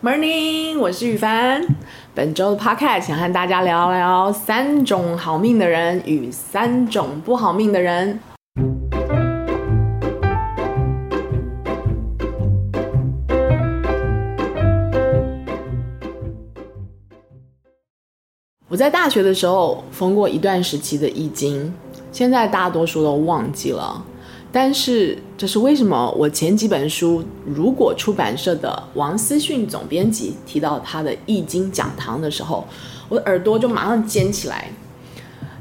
Morning，我是宇凡。本周的 podcast 想和大家聊聊三種好命的人與三種不好命的人。我在大學的時候，封過一段時期的易經，現在大多數都忘記了。但是，這是為什麼？我前幾本書，如果出版社的王思訊總編輯提到他的《易經講堂》的時候，我的耳朵就馬上尖起來。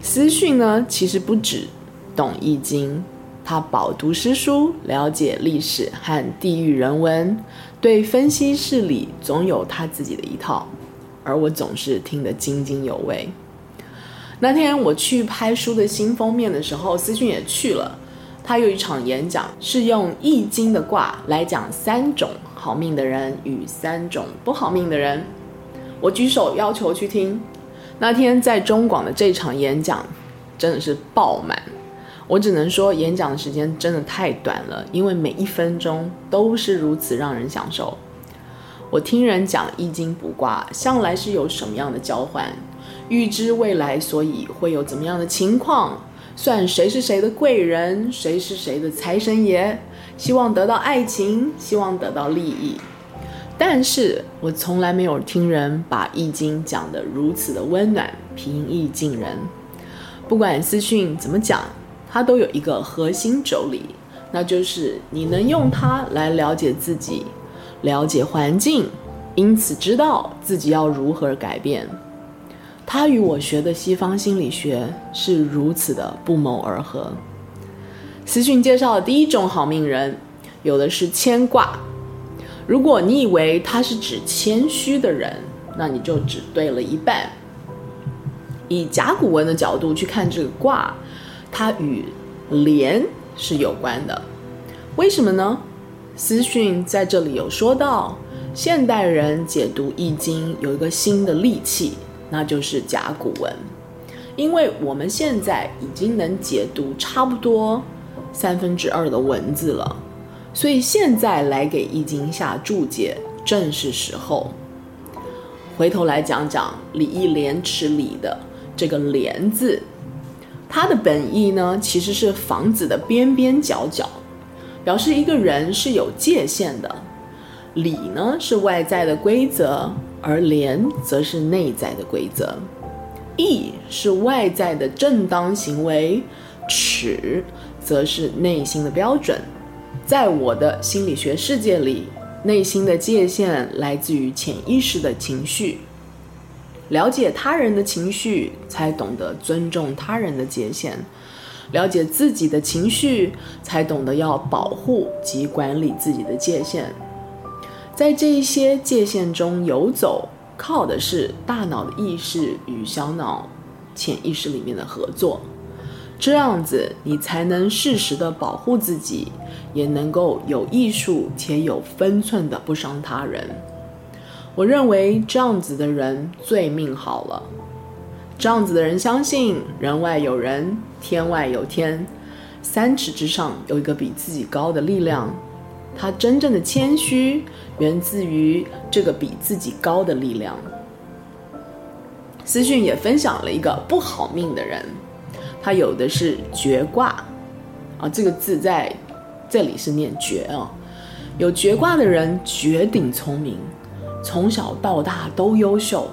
思訊呢，其實不止懂《易經》，他飽讀詩書，了解歷史和地域人文，對分析事理總有他自己的一套，而我總是聽得津津有味。那天我去拍書的新封面的時候，思訊也去了。他有一場演講，是用《易經》的卦來講三種好命的人與三種不好命的人。我舉手要求去聽。那天在中廣的這場演講，真的是爆滿。我只能說，演講的時間真的太短了，因為每一分鐘都是如此讓人享受。我聽人講《易經》卜卦，向來是有什麼樣的交換，預知未來，所以會有怎麼樣的情況。算誰是誰的貴人，誰是誰的財神爺？希望得到愛情，希望得到利益。但是，我從來沒有聽人把《易經》講得如此的溫暖、平易近人。不管思訊怎麼講，它都有一個核心軸理，那就是你能用它來了解自己，了解環境，因此知道自己要如何改變。他與我學的西方心理學是如此的不謀而合。思訊介紹的第一種好命人，有的是謙卦。如果你以為他是指謙虛的人，那你就只對了一半。以甲骨文的角度去看這個卦，它與連是有關的。為什麼呢？思訊在這裡有說到，現代人解讀易經有一個新的利器。那就是甲骨文，因為我們現在已經能解讀差不多三分之二的文字了，所以現在來給《易經》下注解正是時候。回頭來講講《禮義廉恥》裡的這個“廉”字，它的本意呢，其實是房子的邊邊角角，表示一個人是有界限的。禮呢，是外在的規則。而廉則是內在的規則，義是外在的正當行為，恥則是內心的標準。在我的心理學世界裡，內心的界限來自於潛意識的情緒。了解他人的情緒，才懂得尊重他人的界限；了解自己的情緒，才懂得要保護及管理自己的界限。在這一些界限中游走，靠的是大腦的意識與小腦、潛意識裡面的合作，這樣子你才能適時的保護自己，也能夠有藝術且有分寸的不傷他人。我認為這樣子的人最命好了。這樣子的人相信人外有人，天外有天，三尺之上有一個比自己高的力量。他真正的謙虛源自於這個比自己高的力量。思訊也分享了一個不好命的人，他有的是絕卦，啊，這個字在這裡是念絕啊，哦，有絕卦的人絕頂聰明，從小到大都優秀，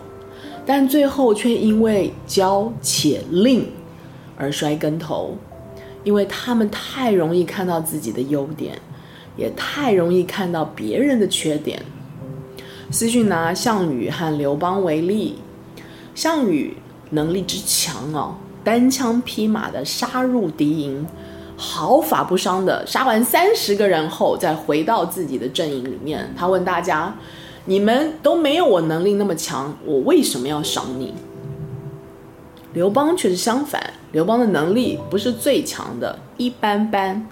但最後卻因為驕且吝，而摔跟頭，因為他們太容易看到自己的優點。也太容易看到別人的缺點。思訊拿項羽和劉邦為例，項羽能力之強啊、哦，單槍匹馬的殺入敵營，毫髮不傷的殺完三十個人後，再回到自己的陣營裡面，他問大家：“你們都沒有我能力那麼強，我為什麼要賞你？”劉邦卻是相反，劉邦的能力不是最強的，一般般。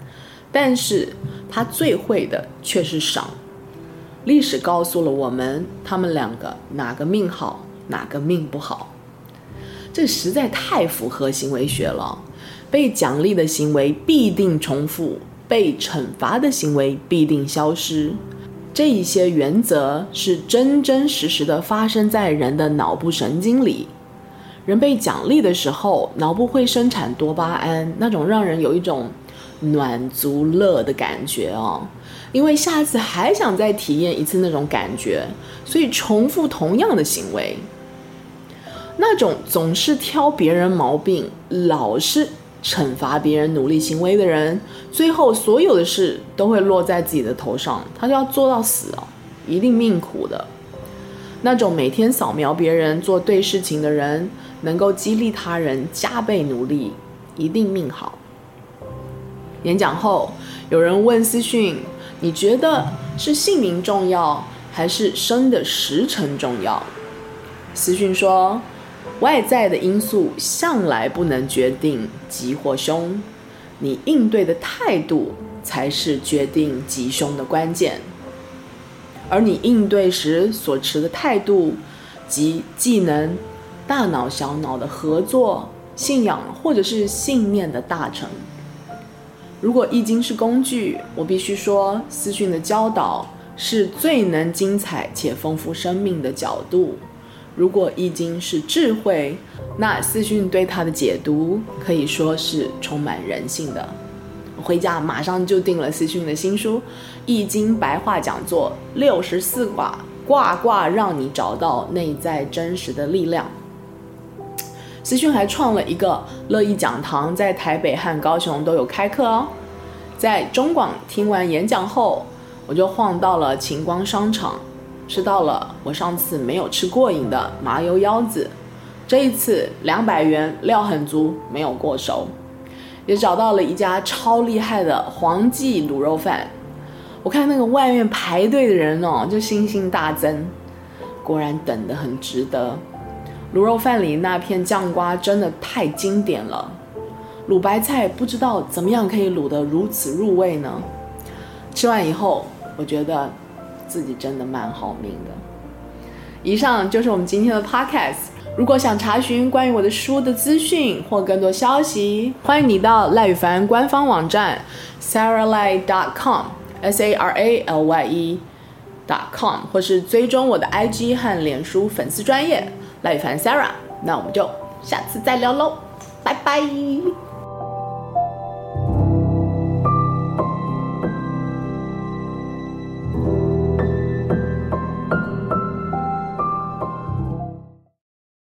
但是他最會的卻是賞。歷史告訴了我們，他們兩個哪個命好，哪個命不好，這實在太符合行為學了。被獎勵的行為必定重複，被懲罰的行為必定消失。這一些原則是真真實實的發生在人的腦部神經裡。人被獎勵的時候，腦部會生產多巴胺，那種讓人有一種。暖足樂的感覺哦，因為下次還想再體驗一次那種感覺，所以重複同樣的行為。那種總是挑別人毛病、老是懲罰別人努力行為的人，最後所有的事都會落在自己的頭上，他就要做到死哦，一定命苦的。那種每天掃描別人做對事情的人，能夠激勵他人加倍努力，一定命好。演講後，有人問思訊：“你覺得是姓名重要，還是生的時辰重要？”思訊說：“外在的因素向來不能決定吉或凶，你應對的態度才是決定吉凶的關鍵。而你應對時所持的態度及技能、大腦小腦的合作、信仰或者是信念的大成。”如果易經是工具，我必須說，思訊的教導是最能精彩且豐富生命的角度。如果易經是智慧，那思訊對它的解讀可以說是充滿人性的。我回家馬上就訂了思訊的新書《易經白話講座》64卦，六十四卦卦卦讓你找到內在真實的力量。思訊還創了一個易經講堂，在台北和高雄都有開課哦。在中廣聽完演講後，我就晃到了晴光商場，吃到了我上次沒有吃過癮的麻油腰子。這一次兩百元料很足，沒有過熟，也找到了一家超厲害的黃記滷肉飯。我看那個外面排隊的人哦，就信心大增，果然等得很值得。滷肉飯裡那片醬瓜真的太經典了，滷白菜不知道怎麼樣可以滷得如此入味呢？吃完以後，我覺得自己真的蠻好命的。以上就是我們今天的 podcast。如果想查詢關於我的書的資訊或更多消息，歡迎你到賴宇凡官方網站 saralye dot com S A R A L Y E dot com，或是追蹤我的 IG 和臉書粉絲專業。賴宇凡 Sara，那我們就下次再聊嘍，拜拜。